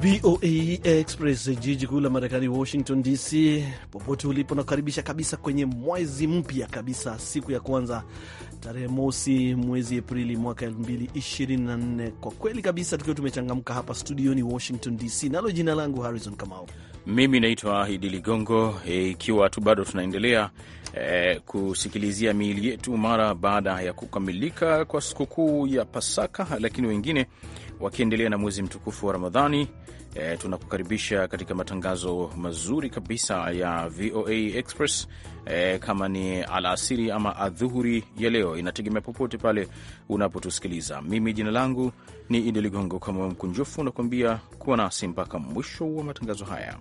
VOA Express, jiji kuu la Marekani, Washington DC. Popote ulipo, nakukaribisha kabisa kwenye mwezi mpya kabisa, siku ya kwanza tarehe mosi mwezi Aprili mwaka 2024. Kwa kweli kabisa, tukiwa tumechangamka hapa studioni Washington DC, nalo jina langu Harrison Kamau, mimi naitwa Idi Ligongo, e, ikiwa e, tu bado tunaendelea e, kusikilizia miili yetu mara baada ya kukamilika kwa sikukuu ya Pasaka, lakini wengine wakiendelea na mwezi mtukufu wa Ramadhani E, tunakukaribisha katika matangazo mazuri kabisa ya VOA Express e, kama ni alasiri ama adhuhuri ya leo, inategemea popote pale unapotusikiliza. Mimi jina langu ni Idi Ligongo, kama mkunjufu unakuambia kuwa nasi mpaka mwisho wa matangazo haya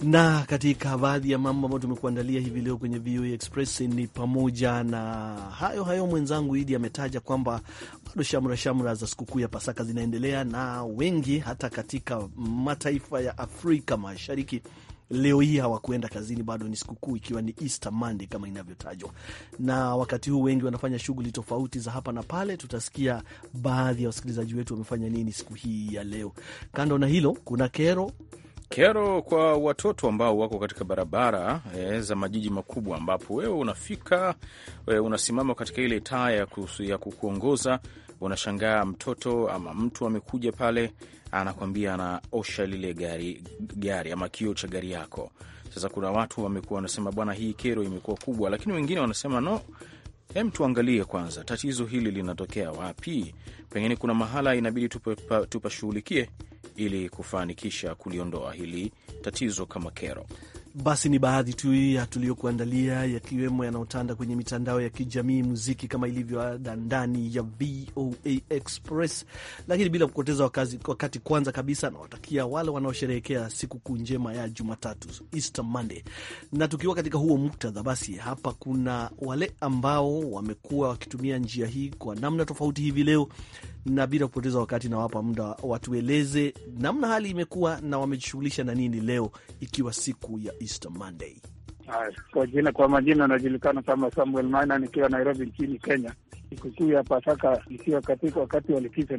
na katika baadhi ya mambo ambayo tumekuandalia hivi leo kwenye VOA Express ni pamoja na hayo hayo mwenzangu Idi ametaja kwamba bado shamra shamra za sikukuu ya Pasaka zinaendelea, na wengi hata katika mataifa ya Afrika Mashariki leo hii hawakuenda kazini, bado ni sikukuu, ikiwa ni Easter Monday kama inavyotajwa. Na wakati huu wengi wanafanya shughuli tofauti za hapa na pale. Tutasikia baadhi ya wasikilizaji wetu wamefanya nini siku hii ya leo. Kando na hilo, kuna kero Kero kwa watoto ambao wako katika barabara e, za majiji makubwa ambapo wewe unafika we, eh, unasimama katika ile taa ya kukuongoza, unashangaa mtoto ama mtu amekuja pale anakwambia anaosha lile gari, gari ama kio cha gari yako. Sasa kuna watu wamekuwa wanasema bwana, hii kero imekuwa kubwa, lakini wengine wanasema no Hem, tuangalie kwanza tatizo hili linatokea wapi. Pengine kuna mahala inabidi tupashughulikie tupa ili kufanikisha kuliondoa hili tatizo kama kero. Basi ni baadhi tu ya tuliyokuandalia, yakiwemo yanayotanda kwenye mitandao ya kijamii, muziki kama ilivyo ada ndani ya VOA Express. Lakini bila kupoteza wakati kwanza kabisa nawatakia wale wanaosherehekea sikukuu njema ya Jumatatu, Easter Monday. Na tukiwa katika huo muktadha, basi hapa kuna wale ambao wamekuwa wakitumia njia hii kwa namna tofauti hivi leo na bila kupoteza wakati nawapa muda watueleze namna hali imekuwa na wamejishughulisha na nini leo ikiwa siku ya Easter Monday. Kwa jina kwa majina anajulikana kama Samuel Maina, nikiwa Nairobi nchini Kenya. Sikukuu ya Pasaka ikiwa katika wakati wa likizo,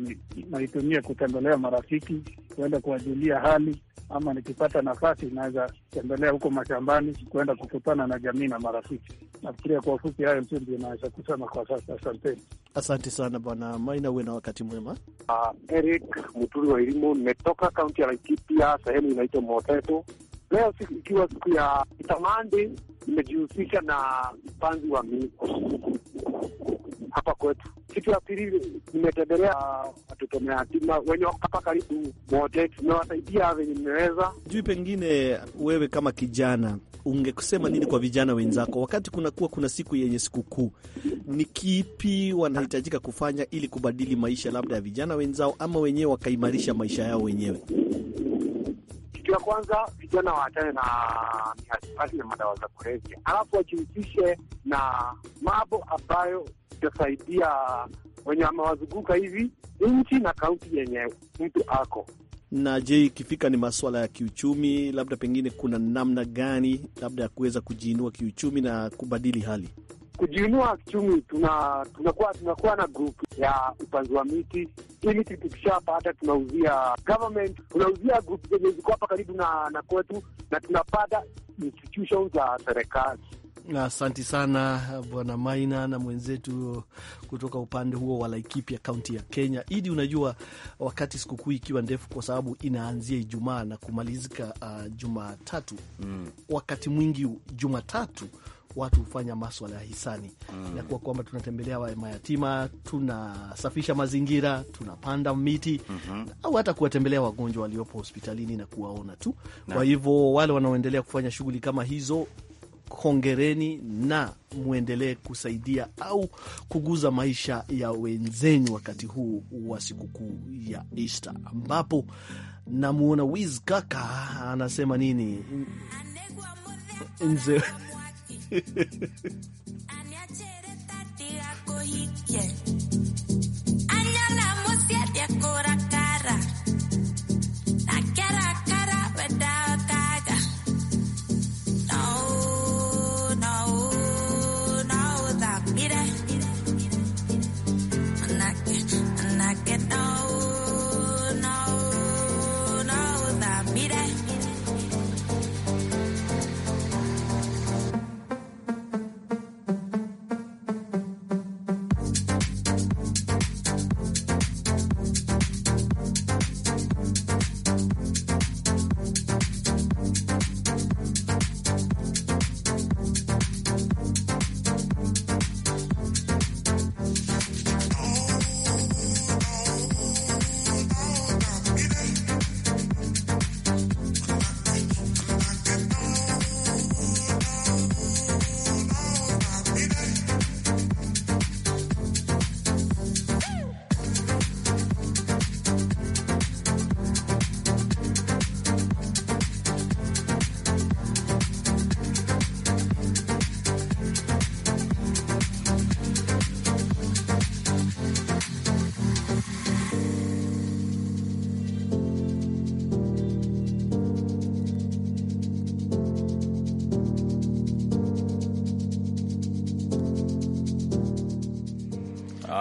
naitumia kutembelea marafiki, kuenda kuwajulia hali, ama nikipata nafasi naweza tembelea huko mashambani, kuenda kukutana na jamii na marafiki. Nafikiria kwa ufupi hayo tu ndio naweza kusema kwa sasa. Asanteni, asante sana Bwana Maina, uwe na wakati mwema. Uh, Eric Muturi wa Elimu, nimetoka kaunti ya Laikipia, sehemu inaitwa Moteto. Leo ikiwa siku ya Itamandi, nimejihusisha na mpanzi wa mi hapa kwetu. Kitu ya pili, nimetembelea ah, watoto mayatima wenye wako hapa karibu wote, tumewasaidia venye mmeweza. Sijui pengine wewe kama kijana ungekusema nini kwa vijana wenzako wakati kunakuwa kuna siku yenye sikukuu? Ni kipi wanahitajika kufanya ili kubadili maisha labda ya vijana wenzao ama wenyewe wakaimarisha maisha yao wenyewe? Kitu ya kwanza vijana waachane na mihadarati na madawa za kulevya, alafu wajihusishe na mambo ambayo itasaidia wenye wamewazunguka hivi nchi na kaunti yenye mtu ako na je, ikifika ni masuala ya kiuchumi, labda pengine kuna namna gani labda ya kuweza kujiinua kiuchumi na kubadili hali? kujiinua kichumi, tuna tunakuwa tunakuwa na grupu ya upanzi wa miti. Hii miti tukishapata tunauzia government, tunauzia grupu zenye ziko hapa karibu na na kwetu, na tunapata institution za serikali. asanti sana Bwana Maina na mwenzetu kutoka upande huo wa Laikipia, kaunti ya Kenya. Idi, unajua wakati sikukuu ikiwa ndefu, kwa sababu inaanzia Ijumaa na kumalizika uh, Jumatatu mm. wakati mwingi Jumatatu watu hufanya maswala ya hisani mm. ya kuwa kwamba tunatembelea mayatima, tunasafisha mazingira, tunapanda miti mm -hmm. au hata kuwatembelea wagonjwa waliopo hospitalini na kuwaona tu na. Kwa hivyo wale wanaoendelea kufanya shughuli kama hizo Hongereni na mwendelee kusaidia au kuguza maisha ya wenzenyu wakati huu wa sikukuu ya Easter, ambapo namwona Wiz Kaka anasema nini Yeah.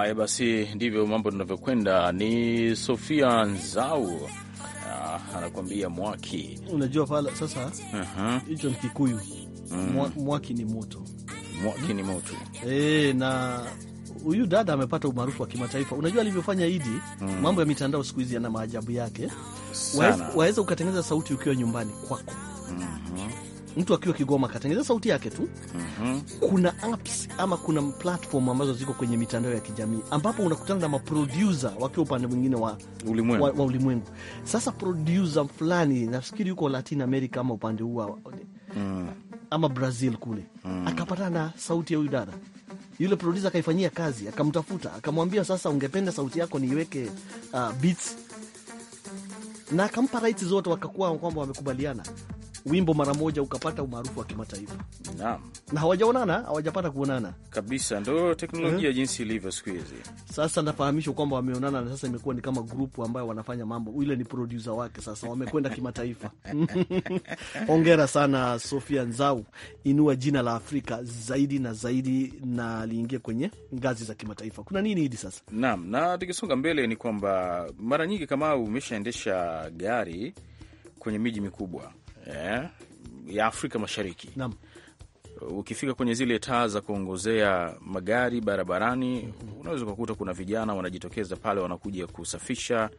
Haya basi, ndivyo mambo tunavyokwenda. Ni Sofia Nzau ah, anakuambia mwaki. Unajua pala sasa uh-huh. hicho uh -huh. ni Kikuyu mm. mwaki ni moto, mwaki ni moto E, na huyu dada amepata umaarufu wa kimataifa. Unajua alivyofanya Idi mm. mambo ya mitandao siku hizi yana maajabu yake. Waweza ukatengeneza sauti ukiwa nyumbani kwako mtu akiwa Kigoma katengeza sauti yake tu. mm -hmm. Kuna apps ama kuna platform ambazo ziko kwenye mitandao ya kijamii ambapo unakutana na maproducer wakiwa upande mwingine wa ulimwengu wa, wa ulimwengu. Sasa producer fulani nafikiri yuko Latin America ama upande huu mm. ama Brazil kule mm. akapatana na sauti ya huyu dada yule producer akaifanyia kazi, akamtafuta, akamwambia sasa, ungependa sauti yako niiweke uh, beats na akampa rights zote, wakakuwa kwamba wamekubaliana wimbo mara moja ukapata umaarufu wa kimataifa. Naam, na hawajaonana, hawajapata kuonana kabisa. Ndo teknolojia hmm, jinsi ilivyo siku hizi. Sasa nafahamishwa kwamba wameonana na sasa imekuwa ni kama grupu ambayo wanafanya mambo, ile ni produsa wake. Sasa wamekwenda kimataifa. Hongera sana Sofia Nzau, inua jina la Afrika zaidi na zaidi, na liingie kwenye ngazi za kimataifa. Kuna nini hidi sasa? Naam, na tukisonga mbele ni kwamba mara nyingi kama umeshaendesha gari kwenye miji mikubwa eh, ya Afrika Mashariki Nam. Ukifika kwenye zile taa za kuongozea magari barabarani mm -hmm. unaweza ukakuta kuna vijana wanajitokeza pale, wanakuja kusafisha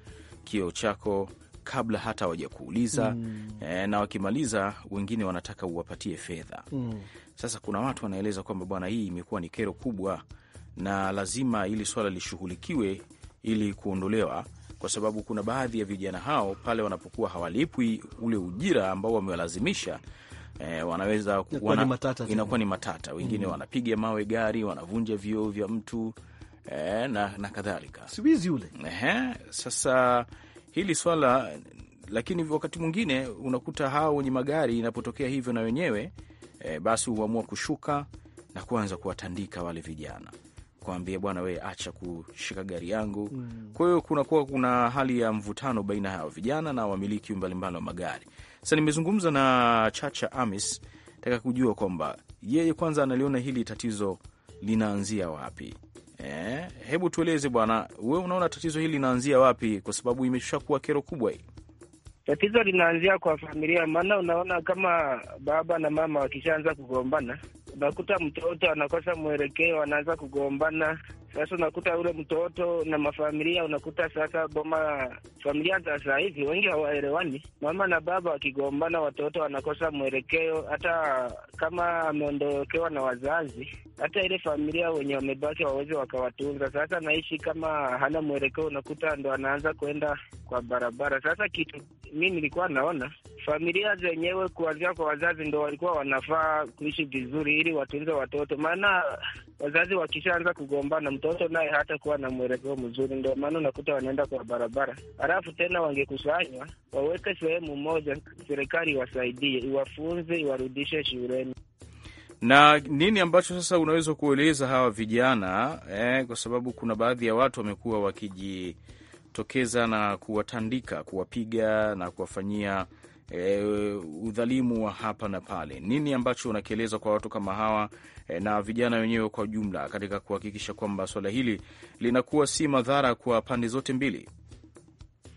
kioo chako kabla hata hawajakuuliza mm. E, na wakimaliza wengine wanataka uwapatie fedha mm. Sasa kuna watu wanaeleza kwamba bwana, hii imekuwa ni kero kubwa na lazima ili swala lishughulikiwe ili kuondolewa kwa sababu kuna baadhi ya vijana hao pale wanapokuwa hawalipwi ule ujira ambao wamewalazimisha E, wanaweza inakuwa ni matata, wengine mm, wanapiga mawe gari, wanavunja vioo vya mtu e, na, na kadhalika siwizi ule. Ehe, sasa hili swala lakini wakati mwingine unakuta hawa wenye magari inapotokea hivyo na wenyewe e, basi huamua kushuka na kuanza kuwatandika wale vijana kuambia bwana we acha kushika gari yangu mm. Kwa hiyo kunakuwa kuna hali ya mvutano baina ya vijana na wamiliki mbalimbali wa magari. Sasa nimezungumza na Chacha Amis, taka kujua kwamba yeye kwanza analiona hili tatizo linaanzia wapi. Eh, hebu tueleze bwana, we unaona tatizo hili linaanzia wapi? Kwa sababu imesha kuwa kero kubwa hii. Tatizo linaanzia kwa familia, maana unaona kama baba na mama wakishaanza kugombana unakuta mtoto anakosa mwelekeo, anaanza kugombana. Sasa unakuta ule mtoto na mafamilia, unakuta sasa boma familia za saa wengi hawaelewani, mama na baba wakigombana, watoto wanakosa mwelekeo. Hata kama ameondokewa na wazazi, hata ile familia wenye wamebaki waweze wakawatunza. Sasa naishi kama hana mwelekeo, unakuta ndo anaanza kwenda kwa barabara. Sasa kitu mi nilikuwa naona familia zenyewe kuanzia kwa wazazi ndo walikuwa wanafaa kuishi vizuri, ili watunze watoto. Maana wazazi wakishaanza kugombana, mtoto naye hata kuwa na mwelekeo mzuri, ndo maana unakuta wanaenda kwa barabara. Halafu tena wangekusanywa waweke sehemu moja, serikali iwasaidie, iwafunze, iwarudishe shuleni. Na nini ambacho sasa unaweza kueleza hawa vijana eh, kwa sababu kuna baadhi ya watu wamekuwa wakijitokeza na kuwatandika, kuwapiga na kuwafanyia e, udhalimu wa hapa na pale. Nini ambacho unakieleza kwa watu kama hawa e, na vijana wenyewe kwa ujumla katika kuhakikisha kwamba swala hili linakuwa si madhara kwa pande zote mbili?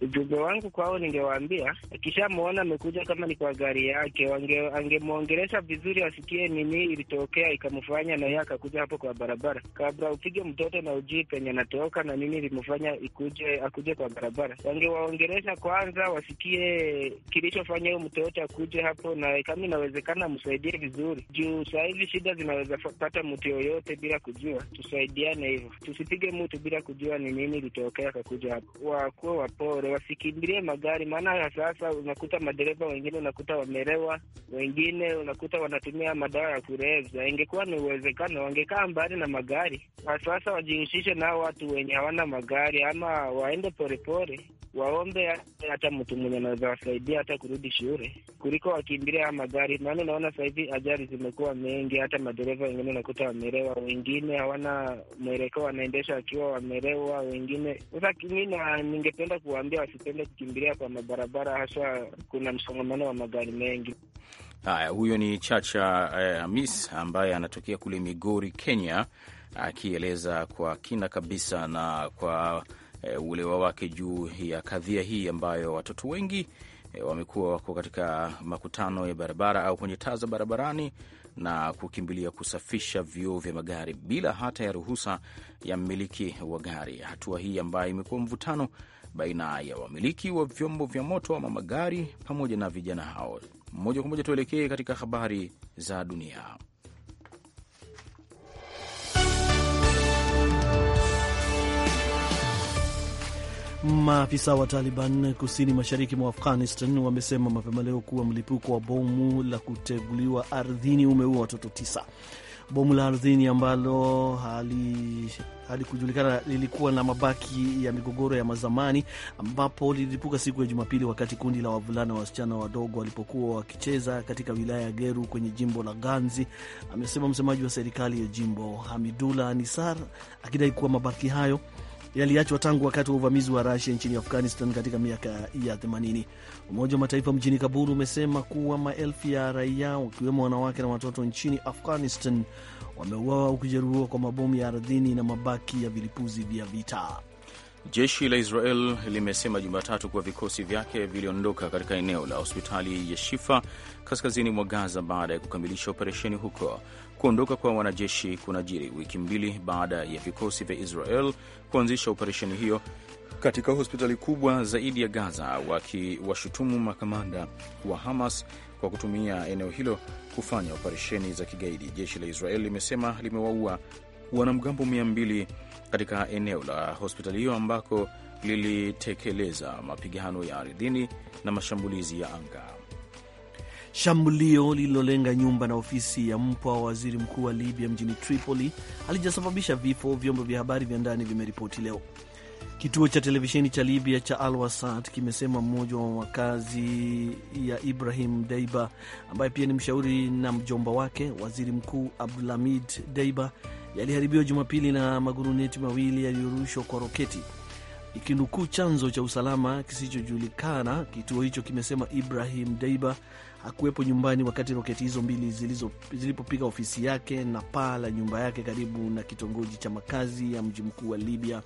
Ujumbe wangu kwao, ningewaambia akishamwona amekuja, kama ni kwa gari yake, angemwongeresha vizuri, asikie nini ilitokea ikamfanya na yeye akakuja hapo kwa barabara, kabla upige mtoto na ujui penye anatoka na nini ilimfanya ikuje akuje kwa barabara. wangewaongeresha kwanza, wasikie kilichofanya huyo mtoto akuje hapo, na kama inawezekana amsaidie vizuri, juu saa hivi shida zinaweza pata mtu yoyote bila kujua. Tusaidiane hivyo, tusipige mtu bila kujua ni nini ilitokea akakuja hapo, wakuwe wapore wasikimbilie magari, maana sasa unakuta madereva wengine unakuta wamelewa, wengine unakuta wanatumia madawa ya kulevya. Ingekuwa ni uwezekano, wangekaa mbali na magari. Sasa wajihusishe nao watu wenye hawana magari, ama waende polepole, waombe hata mtu mwenye anaweza wasaidia hata kurudi shule, kuliko wakimbilia haya magari. Maana unaona sahivi ajali zimekuwa mengi, hata madereva wengine unakuta wamelewa, wengine hawana mwelekeo, wanaendesha wakiwa wamelewa, wengine sasa. Mi ningependa kuwaambia wasipende kukimbilia kwa mabarabara, hasa kuna msongamano wa magari mengi. Haya, huyo ni Chacha eh, Amis ambaye anatokea kule Migori, Kenya, akieleza kwa kina kabisa na kwa eh, uelewa wake juu ya kadhia hii ambayo watoto wengi eh, wamekuwa wako katika makutano ya barabara au kwenye taa za barabarani na kukimbilia kusafisha vioo vya magari bila hata ya ruhusa ya mmiliki wa gari. Hatua hii ambayo imekuwa mvutano baina ya wamiliki wa vyombo vya moto ama magari pamoja na vijana hao. Moja kwa moja tuelekee katika habari za dunia. Maafisa wa Taliban kusini mashariki mwa Afghanistan wamesema mapema leo kuwa mlipuko wa bomu la kuteguliwa ardhini umeua watoto tisa. Bomu la ardhini ambalo hali hadi kujulikana lilikuwa na mabaki ya migogoro ya mazamani ambapo lilipuka siku ya Jumapili wakati kundi la wavulana wa wasichana wadogo walipokuwa wakicheza katika wilaya ya Geru kwenye jimbo la Ganzi, amesema msemaji wa serikali ya jimbo Hamidula Nisar, akidai kuwa mabaki hayo yaliachwa tangu wakati wa uvamizi wa Rusia nchini Afghanistan katika miaka ya 80. Umoja wa Mataifa mjini Kabul umesema kuwa maelfu ya raia wakiwemo wanawake na watoto nchini Afghanistan wameuawa au kujeruhiwa kwa mabomu ya ardhini na mabaki ya vilipuzi vya vita. Jeshi la Israel limesema Jumatatu kuwa vikosi vyake viliondoka katika eneo la hospitali ya Shifa kaskazini mwa Gaza baada ya kukamilisha operesheni huko. Kuondoka kwa wanajeshi kunajiri wiki mbili baada ya vikosi vya Israel kuanzisha operesheni hiyo katika hospitali kubwa zaidi ya Gaza, wakiwashutumu makamanda wa Hamas kwa kutumia eneo hilo kufanya operesheni za kigaidi. Jeshi la Israel limesema limewaua wanamgambo mia mbili katika eneo la hospitali hiyo ambako lilitekeleza mapigano ya ardhini na mashambulizi ya anga. Shambulio lililolenga nyumba na ofisi ya mpwa wa waziri mkuu wa Libya mjini Tripoli halijasababisha vifo, vyombo vya habari vya ndani vimeripoti leo. Kituo cha televisheni cha Libya cha Al kimesema mmoja wa makazi ya Ibrahim Deiba, ambaye pia ni mshauri na mjomba wake waziri mkuu Abdulhamid Deiba, yaliharibiwa Jumapili na maguruneti mawili yaliyorushwa kwa roketi. Ikinukuu chanzo cha usalama kisichojulikana, kituo hicho kimesema Ibrahim Deiba hakuwepo nyumbani wakati roketi hizo mbili zilipopiga ofisi yake na paa la nyumba yake karibu na kitongoji cha makazi ya mji mkuu wa Libya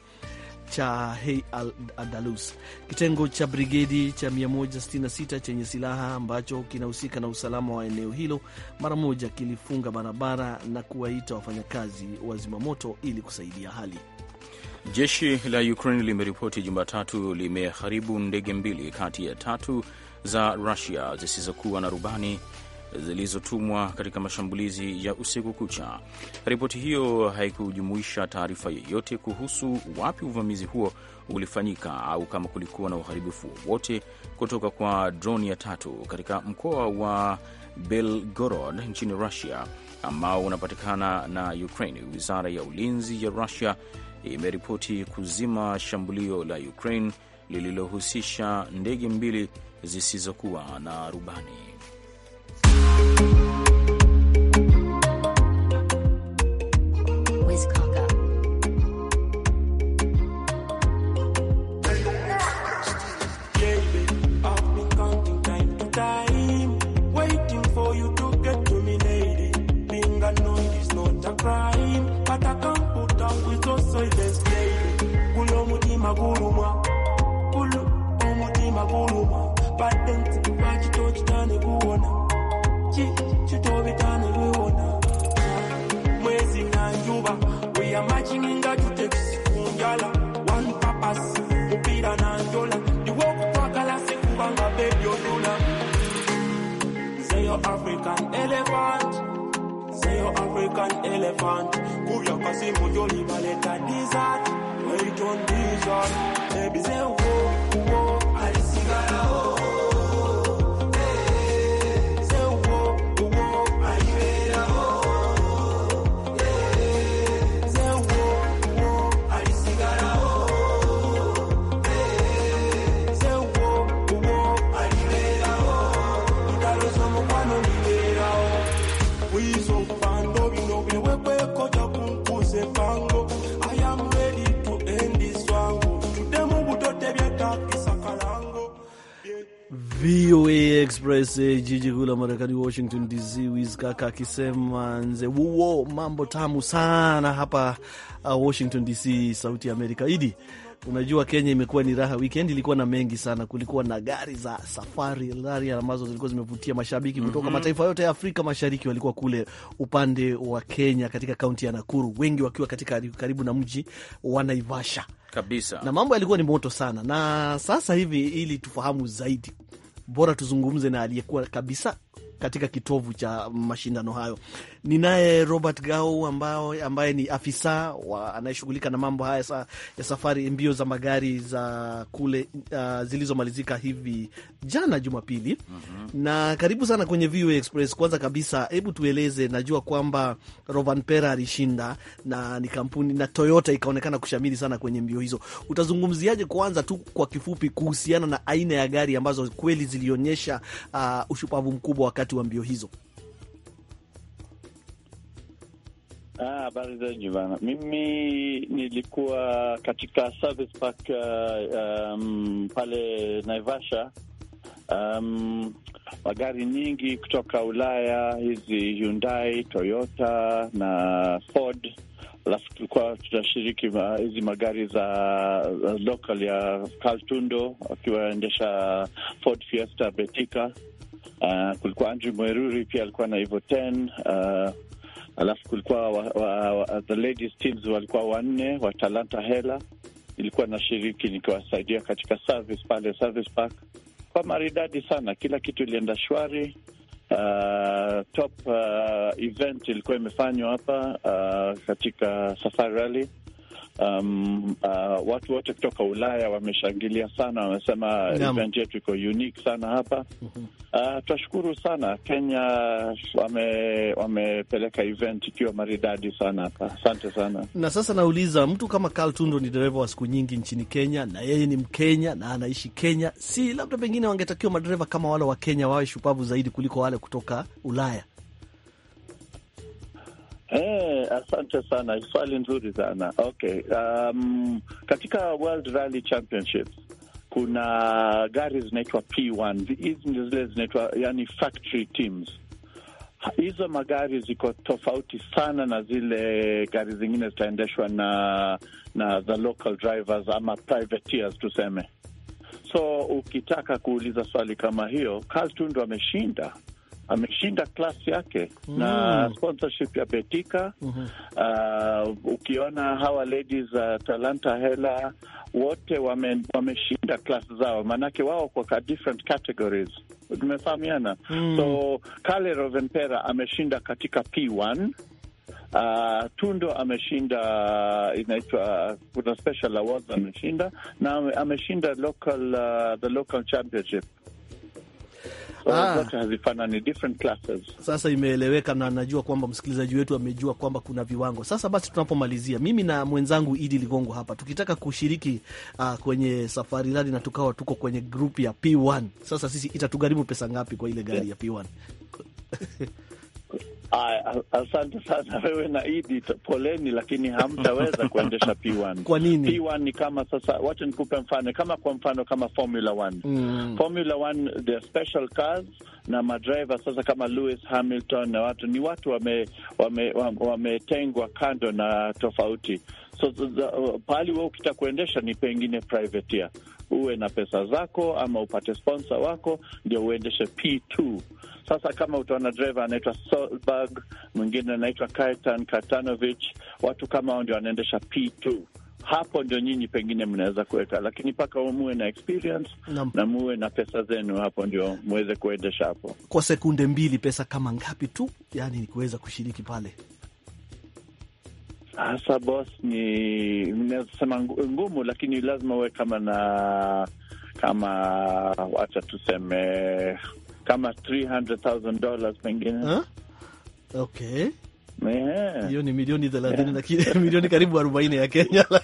cha Hay al-Andalus. Kitengo cha brigedi cha 166 chenye silaha ambacho kinahusika na usalama wa eneo hilo mara moja kilifunga barabara na kuwaita wafanyakazi wa zimamoto ili kusaidia hali. Jeshi la Ukraine limeripoti Jumatatu limeharibu ndege mbili kati ya tatu za Rusia zisizokuwa na rubani zilizotumwa katika mashambulizi ya usiku kucha. Ripoti hiyo haikujumuisha taarifa yoyote kuhusu wapi uvamizi huo ulifanyika au kama kulikuwa na uharibifu wowote kutoka kwa droni ya tatu katika mkoa wa Belgorod nchini Russia ambao unapatikana na Ukraine. Wizara ya ulinzi ya Russia imeripoti kuzima shambulio la Ukraine lililohusisha ndege mbili zisizokuwa na rubani. badde nzibu lwaki tokitane kuwona ki kitobitane lwewona mwezi nanjuba weyamakini nga tutekisi kunjala one papas mupira nanjola ndiwe okutwagala sikuba nga bebyonula zeyo african elephant zeyo african elephant kubya kasimu gyolibaleta desert Wait on these are babies and woe, woe, I see that oh. Angeles, jiji kuu la Marekani, Washington DC. Wiz Kaka akisema nze wuo mambo tamu sana hapa uh, Washington DC, sauti ya Amerika. Idi, unajua Kenya imekuwa ni raha. Weekend ilikuwa na mengi sana, kulikuwa na gari za safari, gari ambazo zilikuwa zimevutia mashabiki kutoka mm -hmm. mataifa yote ya Afrika Mashariki walikuwa kule upande wa Kenya, katika kaunti ya Nakuru, wengi wakiwa katika karibu na mji wa Naivasha kabisa, na mambo yalikuwa ni moto sana. Na sasa hivi, ili tufahamu zaidi bora tuzungumze na aliyekuwa kabisa katika kitovu cha mashindano hayo. Ninaye Robert Gau ambao, ambaye ni afisa anayeshughulika na mambo haya sa, ya safari mbio za magari za kule uh, zilizomalizika hivi jana Jumapili. mm -hmm. Na karibu sana kwenye VOA Express. Kwanza kabisa, hebu tueleze, najua kwamba Rovan Pera alishinda na ni kampuni na Toyota ikaonekana kushamiri sana kwenye mbio hizo. Utazungumziaje kwanza tu kwa kifupi kuhusiana na aina ya gari ambazo kweli zilionyesha uh, ushupavu mkubwa wakati wakati wa mbio hizo? Ah, habari ah, zenyu bana. Mimi nilikuwa katika service park uh, um, pale Naivasha um, magari nyingi kutoka Ulaya hizi Hyundai, Toyota na Ford, alafu tulikuwa tunashiriki ma, uh, hizi magari za uh, local ya Kaltundo akiwaendesha Ford Fiesta Betika Uh, kulikuwa Andrew Mweruri pia alikuwa na hivyo 10 uh, alafu kulikuwa wa, wa, wa, the ladies teams walikuwa wanne wa Talanta Hela, ilikuwa na shiriki nikiwasaidia katika service pale service park kwa maridadi sana, kila kitu ilienda shwari. Uh, top uh, event ilikuwa imefanywa hapa uh, katika Safari Rally um, uh, watu wote kutoka Ulaya wameshangilia sana, wamesema event yetu iko unique sana hapa. Uh, twashukuru sana Kenya, wamepeleka wame event ikiwa maridadi sana hapa. Asante sana. Na sasa nauliza mtu kama Carl Tundo ni dereva wa siku nyingi nchini Kenya, na yeye ni Mkenya na anaishi Kenya, si labda pengine wangetakiwa madereva kama wale wa Kenya wawe shupavu zaidi kuliko wale kutoka Ulaya? Eh, asante sana, swali nzuri sana. Okay, um, katika World Rally Championships kuna gari zinaitwa P1. Hizi ndio zile zinaitwa yani factory teams. Hizo magari ziko tofauti sana na zile gari zingine zitaendeshwa na na the local drivers ama privateers tuseme. So ukitaka kuuliza swali kama hiyo, Carlton ndo ameshinda ameshinda klasi yake mm. na sponsorship ya Betika mm -hmm. uh, ukiona hawa ladies za uh, Talanta Hela wote wame, wameshinda klasi zao, maanake wao kwa different categories tumefahamiana mm. so Kale rovenpera ameshinda katika P1 Uh, Tundo ameshinda uh, inaitwa, uh, kuna special awards ameshinda na ameshinda local, uh, the local championship Ah. Sasa imeeleweka, na najua kwamba msikilizaji wetu amejua kwamba kuna viwango. Sasa basi, tunapomalizia, mimi na mwenzangu Idi Ligongo hapa tukitaka kushiriki uh, kwenye safari rali na tukawa tuko kwenye grupu ya P1, sasa sisi itatugharimu pesa ngapi kwa ile gari yeah, ya P1? Aa, ah, asante sana wewe na Idi, poleni, lakini hamtaweza kuendesha P1. Kwa nini? P1 ni kama sasa, wacha nikupe mfano, kama kwa mfano kama Formula 1 mm. Formula 1 the special cars na madriver sasa kama Lewis Hamilton na watu ni watu wametengwa, wame, wame kando na tofauti so, uh, pahali we ukitakuendesha ni pengine privateer uwe na pesa zako ama upate sponsor wako ndio uendeshe P2. Sasa kama utaona dreva anaitwa Solberg, mwingine anaitwa Kaitan Katanovic, watu kama hao ndio wanaendesha P2 hapo ndio nyinyi pengine mnaweza kuweka, lakini mpaka muwe na experience na, na muwe na pesa zenu, hapo ndio muweze kuendesha hapo. Kwa sekunde mbili, pesa kama ngapi tu, yani ni kuweza kushiriki pale hasa bos ni naweza sema ngumu, lakini lazima uwe kama na kama, wacha tuseme kama 300,000 dollars pengine huh? Okay hiyo ni milioni thelathini na milioni karibu arobaini ya Kenya.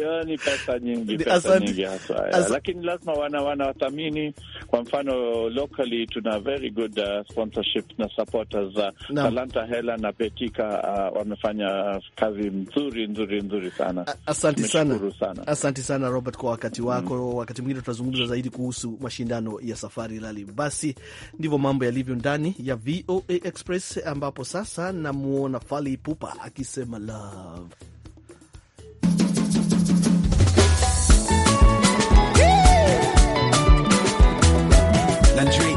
Yani pesa nyingi, pesa nyingi hasa, lakini lazima wana wanawathamini. Kwa mfano locally tuna very good uh, sponsorship na supporters uh, Talanta Hela na Betika uh, wamefanya kazi nzuri nzuri nzuri sana. Asante sana, sana. Asante sana Robert kwa wakati wako mm. Wakati mwingine tutazungumza zaidi kuhusu mashindano ya Safari Rally. Basi ndivyo mambo yalivyo ndani ya VOA Express ambapo sasa namwona fali pupa akisema love yeah.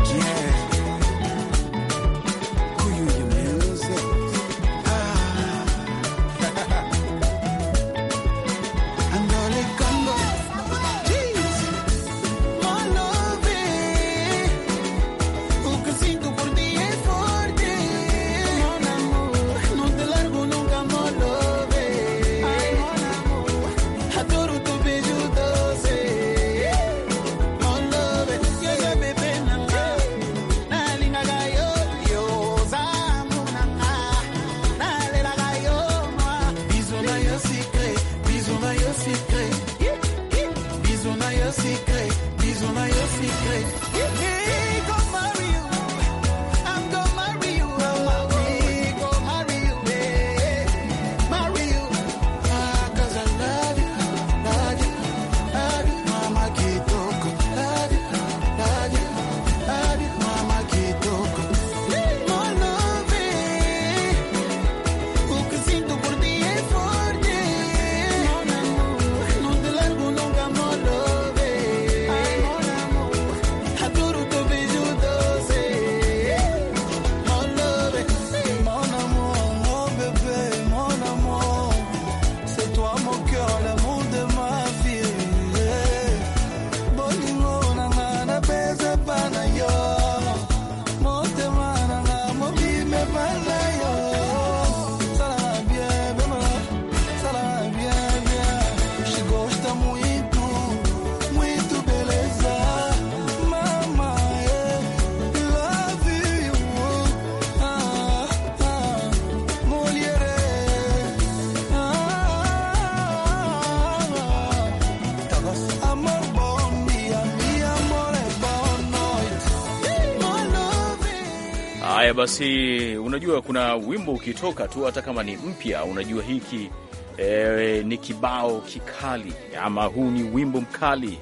Haya basi, unajua kuna wimbo ukitoka tu, hata kama ni mpya, unajua hiki e, ni kibao kikali, ama huu ni wimbo mkali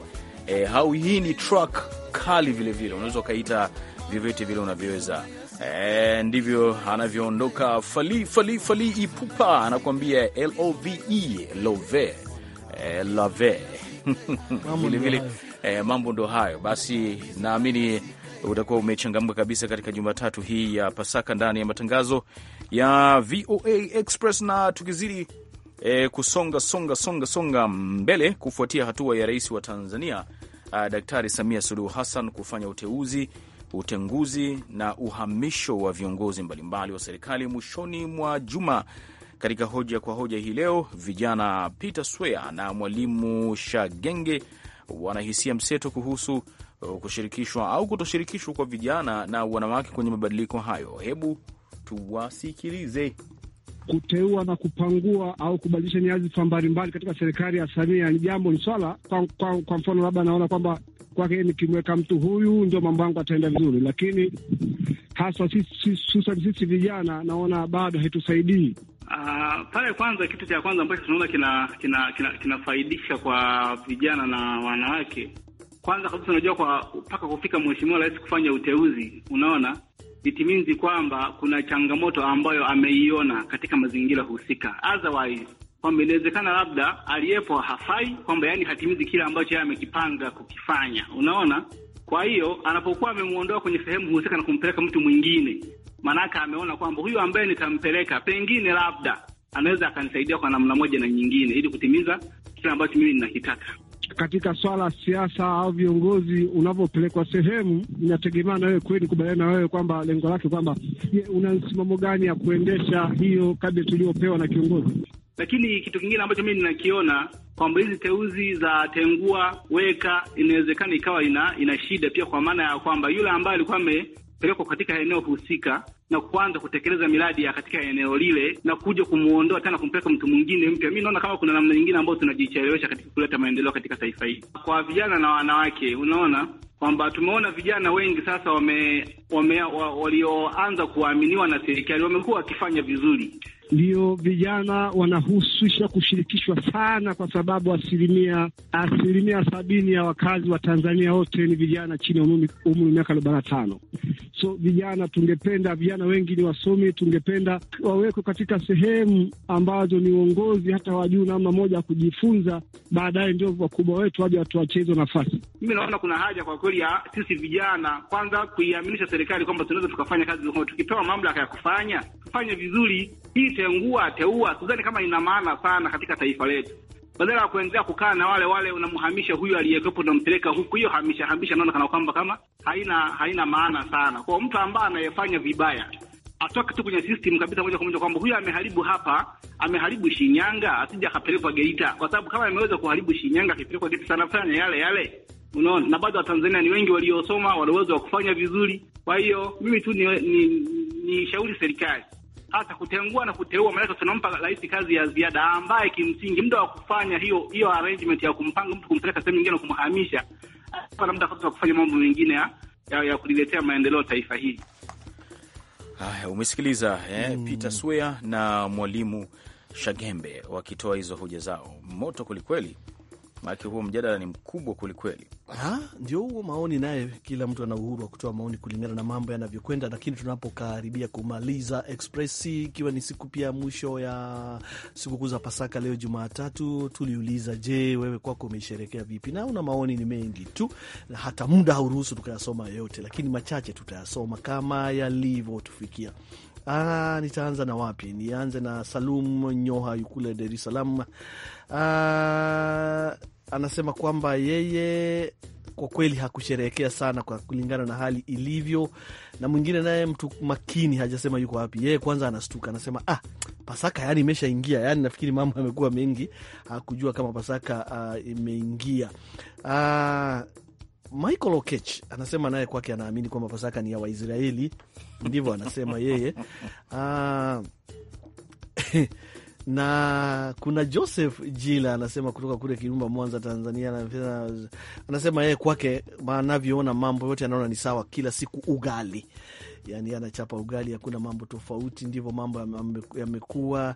e, au hii ni track kali vilevile, unaweza ukaita vyovyote vile unavyoweza. E, ndivyo anavyoondoka Fali Fali Fali Ipupa anakuambia e, love love love vilevile e, mambo ndo hayo basi, naamini utakuwa umechangamka kabisa katika Jumatatu hii ya Pasaka ndani ya matangazo ya VOA Express na tukizidi e, kusonga songa songa songa mbele kufuatia hatua ya rais wa Tanzania a, ah, Daktari Samia Suluhu Hassan kufanya uteuzi utenguzi na uhamisho wa viongozi mbalimbali wa serikali mwishoni mwa juma. Katika hoja kwa hoja hii leo, vijana Peter Swea na mwalimu Shagenge wanahisia mseto kuhusu Uh, kushirikishwa au kutoshirikishwa kwa vijana na wanawake kwenye mabadiliko hayo. Hebu tuwasikilize. Kuteua na kupangua au kubadilisha nyadhifa mbalimbali katika serikali ya Samia ni jambo, ni swala. Kwa, kwa, kwa mfano labda anaona kwamba kwake nikimweka mtu huyu ndio mambo yangu ataenda vizuri, lakini haswa hususan sisi vijana, naona bado haitusaidii. Uh, pale kwanza, kitu cha kwanza ambacho tunaona kinafaidisha kina, kina, kina kwa vijana na wanawake kwanza kabisa, unajua kwa mpaka kufika mheshimiwa rais kufanya uteuzi, unaona itimizi kwamba kuna changamoto ambayo ameiona katika mazingira husika, otherwise kwamba inawezekana labda aliyepo hafai, kwamba yani hatimizi kile ambacho yeye amekipanga kukifanya, unaona. Kwa hiyo anapokuwa amemwondoa kwenye sehemu husika na kumpeleka mtu mwingine, maanake ameona kwamba huyu ambaye nitampeleka pengine labda anaweza akanisaidia kwa namna moja na nyingine, ili kutimiza kile ambacho mimi ninakitaka katika swala siasa au viongozi, unavyopelekwa sehemu inategemea na wewe kweli kubaliana na wewe kwamba lengo lake kwamba una msimamo gani ya kuendesha hiyo kabla tuliyopewa na kiongozi. Lakini kitu kingine ambacho mimi ninakiona kwamba hizi teuzi za tengua weka inawezekana ikawa ina, ina shida pia, kwa maana ya kwamba yule ambaye alikuwa kupelekwa katika eneo husika na kuanza kutekeleza miradi ya katika eneo lile na kuja kumuondoa tena kumpeleka mtu mwingine mpya. Mi naona kama kuna namna nyingine ambayo tunajichelewesha katika kuleta maendeleo katika taifa hili kwa vijana na wanawake. Unaona kwamba tumeona vijana wengi sasa wame, wame, walioanza kuaminiwa na serikali wamekuwa wakifanya vizuri ndio vijana wanahusisha kushirikishwa sana, kwa sababu asilimia asilimia sabini ya wakazi wa Tanzania wote ni vijana chini ya umri miaka arobaini na tano waso, vijana tungependa vijana wengi ni wasomi, tungependa wawekwe katika sehemu ambazo ni uongozi hata wajuu namna moja ya kujifunza, baadaye ndio wakubwa wetu waje watuachie hizo nafasi. Mimi naona kuna haja kwa kweli ya sisi vijana kwanza kuiaminisha serikali kwamba tunaweza tukafanya kazi, tukipewa mamlaka ya kufanya tufanye vizuri. Hii tengua teua, sidhani kama ina maana sana katika taifa letu badala ya kuendelea kukaa na wale wale, unamhamisha huyu aliyekwepo, unampeleka huku, hiyo hamisha hamisha, naona kana kwamba kama haina haina maana sana kwa mtu ambaye anayefanya vibaya atoke tu kwenye system kabisa, moja kwa moja, kwamba huyu ameharibu hapa, ameharibu Shinyanga, asija akapelekwa Geita, kwa sababu kama ameweza kuharibu Shinyanga, akipelekwa Geita sana yale yale, unaona. Na bado Watanzania ni wengi waliosoma, wana uwezo wa kufanya vizuri. Kwa hiyo mimi tu ni, ni, ni shauri serikali hata kutengua na kuteua, maanake tunampa rais kazi ya ziada, ambaye kimsingi muda wa kufanya hiyo hiyo arrangement ya kumpanga mtu kumpeleka sehemu nyingine na kumhamisha, ana muda wa kufanya mambo mengine ya, ya, ya kuliletea maendeleo taifa hili. Haya, umesikiliza eh, mm. Peter Swea na mwalimu Shagembe wakitoa hizo hoja zao moto kwelikweli. Maanake huo mjadala ni mkubwa kwelikweli. Ndio huo maoni, naye kila mtu ana uhuru wa kutoa maoni kulingana na mambo yanavyokwenda, lakini tunapokaribia kumaliza Express, ikiwa ni siku pia mwisho ya sikukuu za Pasaka leo Jumatatu, tuliuliza je, wewe kwako umeisherekea vipi? Na una maoni ni mengi tu, na hata muda hauruhusu tukayasoma yote, lakini machache tutayasoma kama yalivyotufikia. Ah, nitaanza na wapi? Nianze na Salum Nyoha yukule Dar es Salaam. Ah, anasema kwamba yeye kwa kweli hakusherehekea sana kwa kulingana na hali ilivyo. Na mwingine naye mtu makini hajasema yuko wapi yeye, kwanza anastuka, anasema ah, Pasaka yani imeshaingia. Yani nafikiri mambo yamekuwa mengi, hakujua kama Pasaka uh, imeingia. Uh, Michael Okech anasema naye kwake anaamini kwamba Pasaka ni ya Waisraeli, ndivyo anasema yeye uh, na kuna Joseph Jila anasema kutoka kule Kirumba, Mwanza, Tanzania. Anasema yeye kwake anavyoona mambo yote anaona ni sawa, kila siku ugali yani anachapa ugali, hakuna mambo tofauti, ndivyo mambo yamekuwa.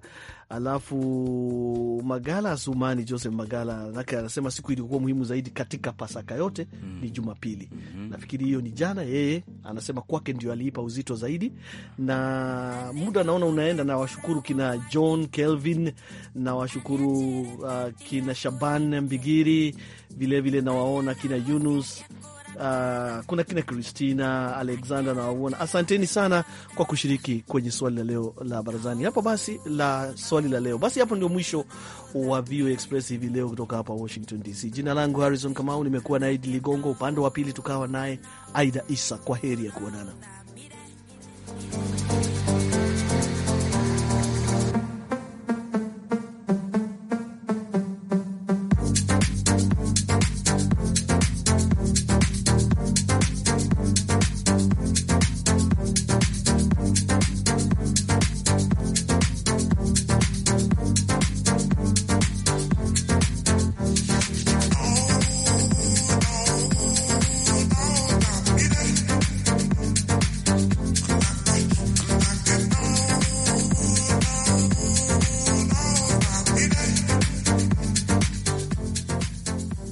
Alafu Magala Asumani, Joseph Magala nake anasema siku ilikuwa muhimu zaidi katika Pasaka yote mm -hmm. ni mm-hmm. Jumapili mm -hmm. nafikiri hiyo ni jana. Yeye anasema kwake ndio aliipa uzito zaidi, na muda naona unaenda. Nawashukuru kina John Kelvin, nawashukuru uh, kina Shaban Mbigiri vilevile, nawaona kina Yunus Uh, kuna kina Christina Alexander na asanteni sana kwa kushiriki kwenye swali la leo la barazani hapo. Basi la swali la leo basi hapo ndio mwisho wa VOA Express hivi leo kutoka hapa Washington DC. Jina langu Harrison Kamau, nimekuwa na Idi Ligongo, upande wa pili tukawa naye Aida Isa. Kwa heri ya kuonana.